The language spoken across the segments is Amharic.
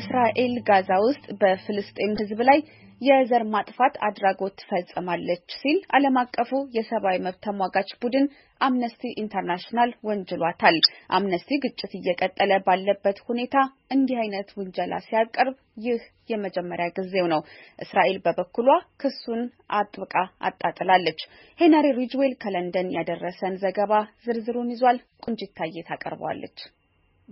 እስራኤል ጋዛ ውስጥ በፍልስጤም ህዝብ ላይ የዘር ማጥፋት አድራጎት ትፈጽማለች ሲል ዓለም አቀፉ የሰብአዊ መብት ተሟጋች ቡድን አምነስቲ ኢንተርናሽናል ወንጅሏታል። አምነስቲ ግጭት እየቀጠለ ባለበት ሁኔታ እንዲህ አይነት ውንጀላ ሲያቀርብ ይህ የመጀመሪያ ጊዜው ነው። እስራኤል በበኩሏ ክሱን አጥብቃ አጣጥላለች። ሄነሪ ሪጅዌል ከለንደን ያደረሰን ዘገባ ዝርዝሩን ይዟል። ቁንጅታዬ ታቀርበዋለች።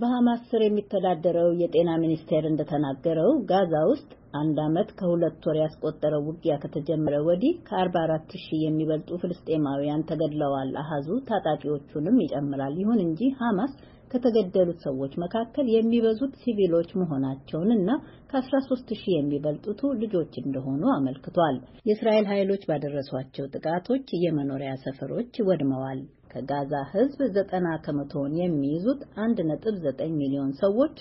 በሐማስ ስር የሚተዳደረው የጤና ሚኒስቴር እንደተናገረው ጋዛ ውስጥ አንድ ዓመት ከሁለት ወር ያስቆጠረው ውጊያ ከተጀመረ ወዲህ ከ44 ሺህ የሚበልጡ ፍልስጤማውያን ተገድለዋል። አሃዙ ታጣቂዎቹንም ይጨምራል። ይሁን እንጂ ሐማስ ከተገደሉት ሰዎች መካከል የሚበዙት ሲቪሎች መሆናቸውንና ከ13 ሺህ የሚበልጡቱ ልጆች እንደሆኑ አመልክቷል። የእስራኤል ኃይሎች ባደረሷቸው ጥቃቶች የመኖሪያ ሰፈሮች ወድመዋል። ከጋዛ ሕዝብ 90 ከመቶውን የሚይዙት 1.9 ሚሊዮን ሰዎች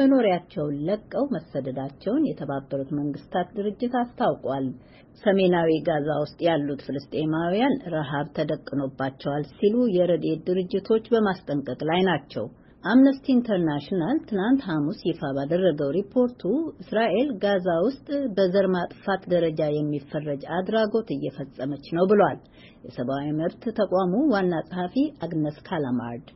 መኖሪያቸውን ለቀው መሰደዳቸውን የተባበሩት መንግስታት ድርጅት አስታውቋል። ሰሜናዊ ጋዛ ውስጥ ያሉት ፍልስጤማውያን ረሃብ ተደቅኖባቸዋል ሲሉ የረድኤት ድርጅቶች በማስጠንቀቅ ላይ ናቸው። አምነስቲ ኢንተርናሽናል ትናንት ሐሙስ ይፋ ባደረገው ሪፖርቱ እስራኤል ጋዛ ውስጥ በዘር ማጥፋት ደረጃ የሚፈረጅ አድራጎት እየፈጸመች ነው ብሏል። የሰብአዊ መብት ተቋሙ ዋና ጸሐፊ አግነስ ካላማርድ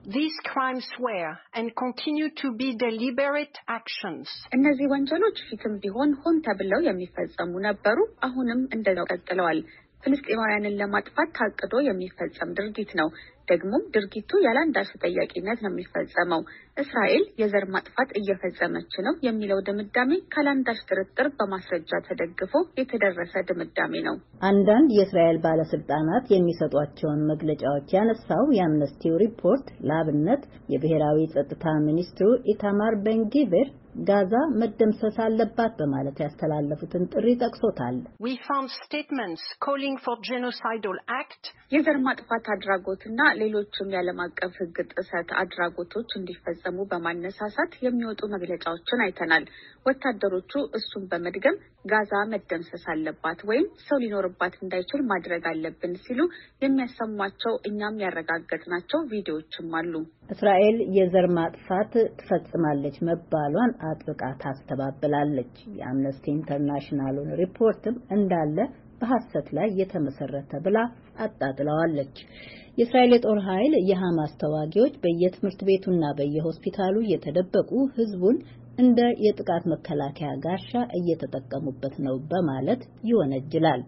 እነዚህ ወንጀሎች ፊትም ቢሆን ሆን ተብለው የሚፈጸሙ ነበሩ፣ አሁንም እንደዛው ቀጥለዋል። ፍልስጤማውያንን ለማጥፋት ታቅዶ የሚፈጸም ድርጊት ነው። ደግሞም ድርጊቱ ያለ አንዳች ተጠያቂነት ነው የሚፈጸመው። እስራኤል የዘር ማጥፋት እየፈጸመች ነው የሚለው ድምዳሜ ካላንዳች ጥርጥር በማስረጃ ተደግፎ የተደረሰ ድምዳሜ ነው። አንዳንድ የእስራኤል ባለስልጣናት የሚሰጧቸውን መግለጫዎች ያነሳው የአምነስቲው ሪፖርት ለአብነት የብሔራዊ ጸጥታ ሚኒስትሩ ኢታማር ቤንጊቪር ጋዛ መደምሰስ አለባት በማለት ያስተላለፉትን ጥሪ ጠቅሶታል። የዘር ማጥፋት አድራጎትና ሌሎችም የዓለም አቀፍ ሕግ ጥሰት አድራጎቶች እንዲፈጸሙ በማነሳሳት የሚወጡ መግለጫዎችን አይተናል። ወታደሮቹ እሱን በመድገም ጋዛ መደምሰስ አለባት ወይም ሰው ሊኖርባት እንዳይችል ማድረግ አለብን ሲሉ የሚያሰሟቸው እኛም ያረጋገጥናቸው ቪዲዮዎችም አሉ። እስራኤል የዘር ማጥፋት ትፈጽማለች መባሏን አጥብቃ ታስተባብላለች። የአምነስቲ ኢንተርናሽናሉን ሪፖርትም እንዳለ በሐሰት ላይ የተመሰረተ ብላ አጣጥለዋለች። የእስራኤል የጦር ኃይል የሐማስ ተዋጊዎች በየትምህርት ቤቱና በየሆስፒታሉ እየተደበቁ ህዝቡን እንደ የጥቃት መከላከያ ጋሻ እየተጠቀሙበት ነው በማለት ይወነጅላል።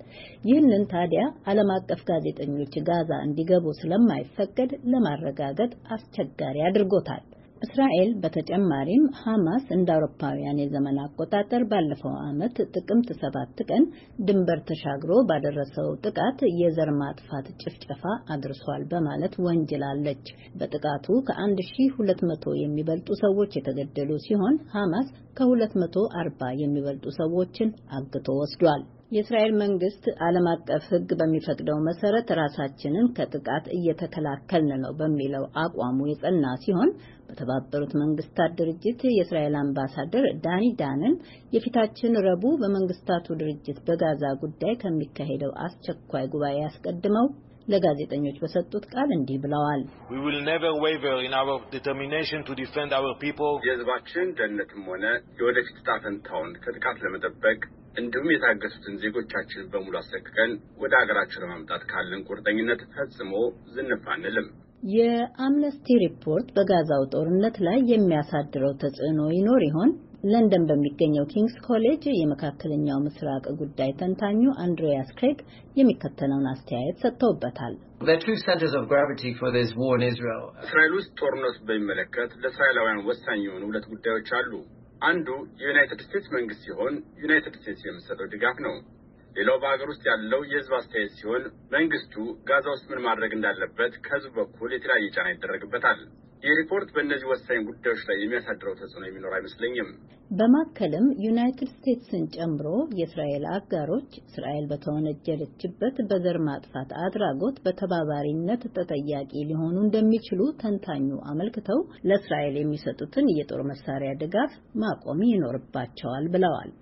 ይህንን ታዲያ ዓለም አቀፍ ጋዜጠኞች ጋዛ እንዲገቡ ስለማይፈቀድ ለማረጋገጥ አስቸጋሪ አድርጎታል። እስራኤል በተጨማሪም ሐማስ እንደ አውሮፓውያን የዘመን አቆጣጠር ባለፈው ዓመት ጥቅምት ሰባት ቀን ድንበር ተሻግሮ ባደረሰው ጥቃት የዘር ማጥፋት ጭፍጨፋ አድርሷል በማለት ወንጅላለች። በጥቃቱ ከ1200 የሚበልጡ ሰዎች የተገደሉ ሲሆን ሐማስ ከ240 የሚበልጡ ሰዎችን አግቶ ወስዷል። የእስራኤል መንግስት ዓለም አቀፍ ሕግ በሚፈቅደው መሰረት ራሳችንን ከጥቃት እየተከላከልን ነው በሚለው አቋሙ የጸና ሲሆን በተባበሩት መንግስታት ድርጅት የእስራኤል አምባሳደር ዳኒ ዳንን የፊታችን ረቡዕ በመንግስታቱ ድርጅት በጋዛ ጉዳይ ከሚካሄደው አስቸኳይ ጉባኤ አስቀድመው ለጋዜጠኞች በሰጡት ቃል እንዲህ ብለዋል። የህዝባችን ደህንነትም ሆነ የወደፊት ዕጣ ፈንታውን ከጥቃት ለመጠበቅ እንዲሁም የታገሱትን ዜጎቻችን በሙሉ አስለቅቀን ወደ ሀገራችን ለማምጣት ካለን ቁርጠኝነት ፈጽሞ ዝንፍ አንልም። የአምነስቲ ሪፖርት በጋዛው ጦርነት ላይ የሚያሳድረው ተጽዕኖ ይኖር ይሆን? ለንደን በሚገኘው ኪንግስ ኮሌጅ የመካከለኛው ምስራቅ ጉዳይ ተንታኙ አንድሪያስ ክሬግ የሚከተለውን አስተያየት ሰጥተውበታል። እስራኤል ውስጥ ጦርነቱ በሚመለከት ለእስራኤላውያን ወሳኝ የሆኑ ሁለት ጉዳዮች አሉ። አንዱ የዩናይትድ ስቴትስ መንግስት ሲሆን ዩናይትድ ስቴትስ የምትሰጠው ድጋፍ ነው። ሌላው በሀገር ውስጥ ያለው የህዝብ አስተያየት ሲሆን መንግስቱ ጋዛ ውስጥ ምን ማድረግ እንዳለበት ከህዝብ በኩል የተለያየ ጫና ይደረግበታል። ይህ ሪፖርት በእነዚህ ወሳኝ ጉዳዮች ላይ የሚያሳድረው ተጽዕኖ የሚኖር አይመስለኝም። በማከልም ዩናይትድ ስቴትስን ጨምሮ የእስራኤል አጋሮች እስራኤል በተወነጀለችበት በዘር ማጥፋት አድራጎት በተባባሪነት ተጠያቂ ሊሆኑ እንደሚችሉ ተንታኙ አመልክተው ለእስራኤል የሚሰጡትን የጦር መሳሪያ ድጋፍ ማቆም ይኖርባቸዋል ብለዋል።